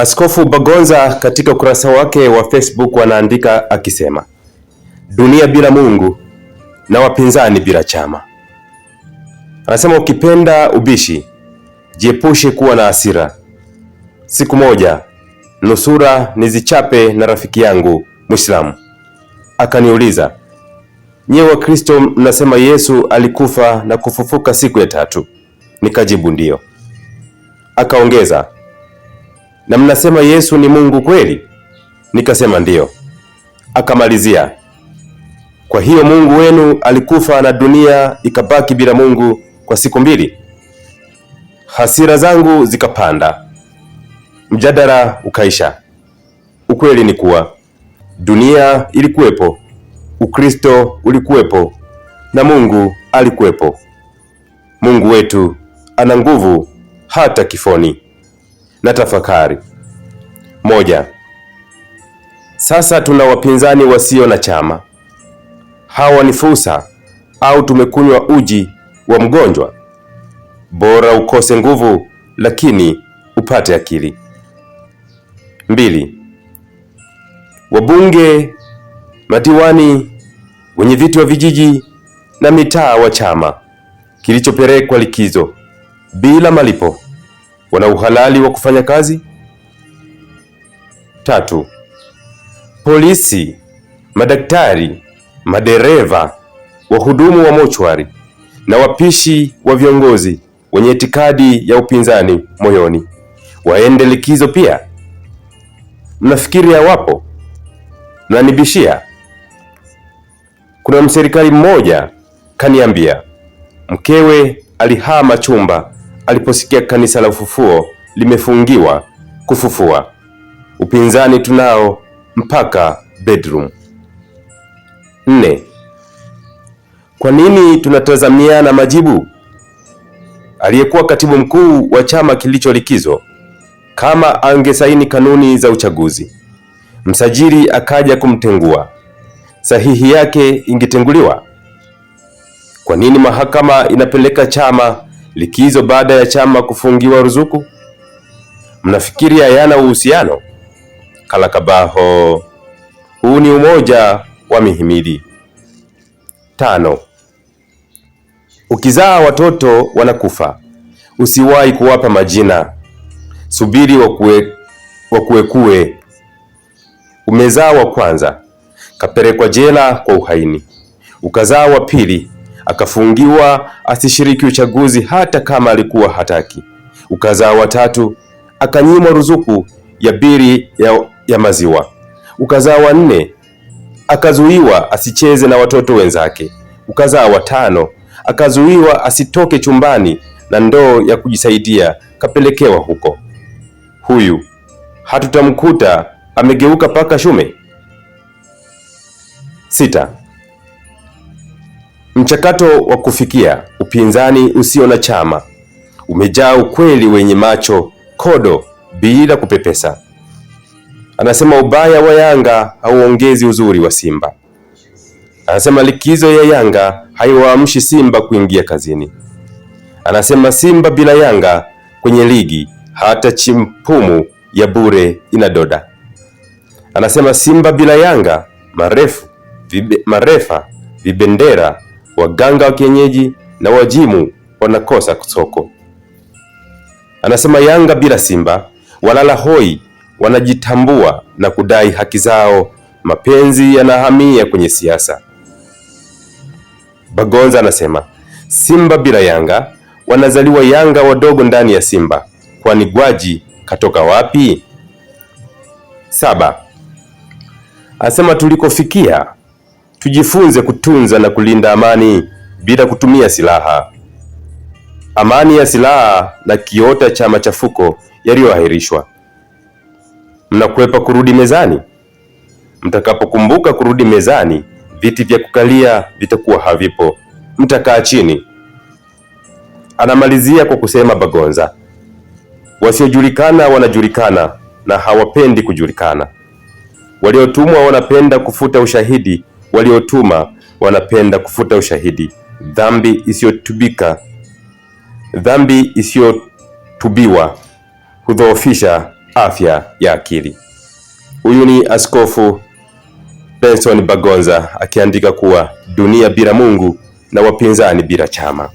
Askofu Bagonza katika ukurasa wake wa Facebook wanaandika akisema dunia bila Mungu na wapinzani bila chama. Anasema ukipenda ubishi jiepushe kuwa na hasira. Siku moja nusura nizichape na rafiki yangu Muislamu akaniuliza, nyewe Wakristo mnasema Yesu alikufa na kufufuka siku ya tatu? Nikajibu ndiyo. Akaongeza, na mnasema Yesu ni Mungu kweli? Nikasema ndiyo. Akamalizia, kwa hiyo Mungu wenu alikufa na dunia ikabaki bila Mungu kwa siku mbili. Hasira zangu zikapanda, mjadala ukaisha. Ukweli ni kuwa dunia ilikuwepo, Ukristo ulikuwepo na Mungu alikuwepo. Mungu wetu ana nguvu hata kifoni na tafakari. Moja, sasa tuna wapinzani wasio na chama. Hawa ni fursa au tumekunywa uji wa mgonjwa? Bora ukose nguvu lakini upate akili. Mbili, wabunge, madiwani, wenye viti wa vijiji na mitaa wa chama kilichopelekwa likizo bila malipo wana uhalali wa kufanya kazi. Tatu, polisi, madaktari, madereva, wahudumu wa mochwari na wapishi wa viongozi wenye itikadi ya upinzani moyoni waende likizo pia. Mnafikiri hawapo? Mnanibishia. Kuna mserikali mmoja kaniambia mkewe alihama chumba aliposikia kanisa la ufufuo limefungiwa kufufua. Upinzani tunao mpaka bedroom. Nne. Kwa nini tunatazamiana majibu? Aliyekuwa katibu mkuu wa chama kilicho likizo kama angesaini kanuni za uchaguzi, msajili akaja kumtengua, sahihi yake ingetenguliwa. Kwa nini mahakama inapeleka chama likizo baada ya chama kufungiwa ruzuku? Mnafikiri hayana uhusiano? Kalakabaho, huu ni umoja wa mihimili. Tano, ukizaa watoto wanakufa, usiwahi kuwapa majina, subiri wakuekue. Umezaa wa kwanza, kapelekwa jela kwa uhaini, ukazaa wa pili akafungiwa asishiriki uchaguzi hata kama alikuwa hataki. Ukazaa watatu akanyimwa ruzuku ya biri ya, ya maziwa. Ukazaa wa nne akazuiwa asicheze na watoto wenzake. Ukazaa wa tano akazuiwa asitoke chumbani na ndoo ya kujisaidia kapelekewa huko. Huyu hatutamkuta amegeuka paka shume. Sita. Mchakato wa kufikia upinzani usio na chama umejaa ukweli wenye macho kodo bila kupepesa. Anasema ubaya wa Yanga hauongezi uzuri wa Simba. Anasema likizo ya Yanga haiwaamshi Simba kuingia kazini. Anasema Simba bila Yanga kwenye ligi hata chimpumu ya bure inadoda. Anasema Simba bila Yanga marefu vibe, marefa vibendera waganga wa kienyeji na wajimu wanakosa soko. Anasema Yanga bila Simba walala hoi wanajitambua na kudai haki zao. Mapenzi yanahamia kwenye siasa. Bagonza anasema Simba bila Yanga wanazaliwa Yanga wadogo ndani ya Simba, kwani Gwaji katoka wapi? Saba. Anasema tulikofikia tujifunze kutunza na kulinda amani bila kutumia silaha. Amani ya silaha na kiota cha machafuko yaliyoahirishwa. Mnakwepa kurudi mezani? Mtakapokumbuka kurudi mezani, viti vya kukalia vitakuwa havipo, mtakaa chini. Anamalizia kwa kusema Bagonza, wasiojulikana wanajulikana na hawapendi kujulikana, waliotumwa wanapenda kufuta ushahidi waliotuma wanapenda kufuta ushahidi. Dhambi isiyotubika, dhambi isiyotubiwa hudhoofisha afya ya akili. Huyu ni Askofu Benson Bagonza akiandika kuwa dunia bila Mungu na wapinzani bila chama.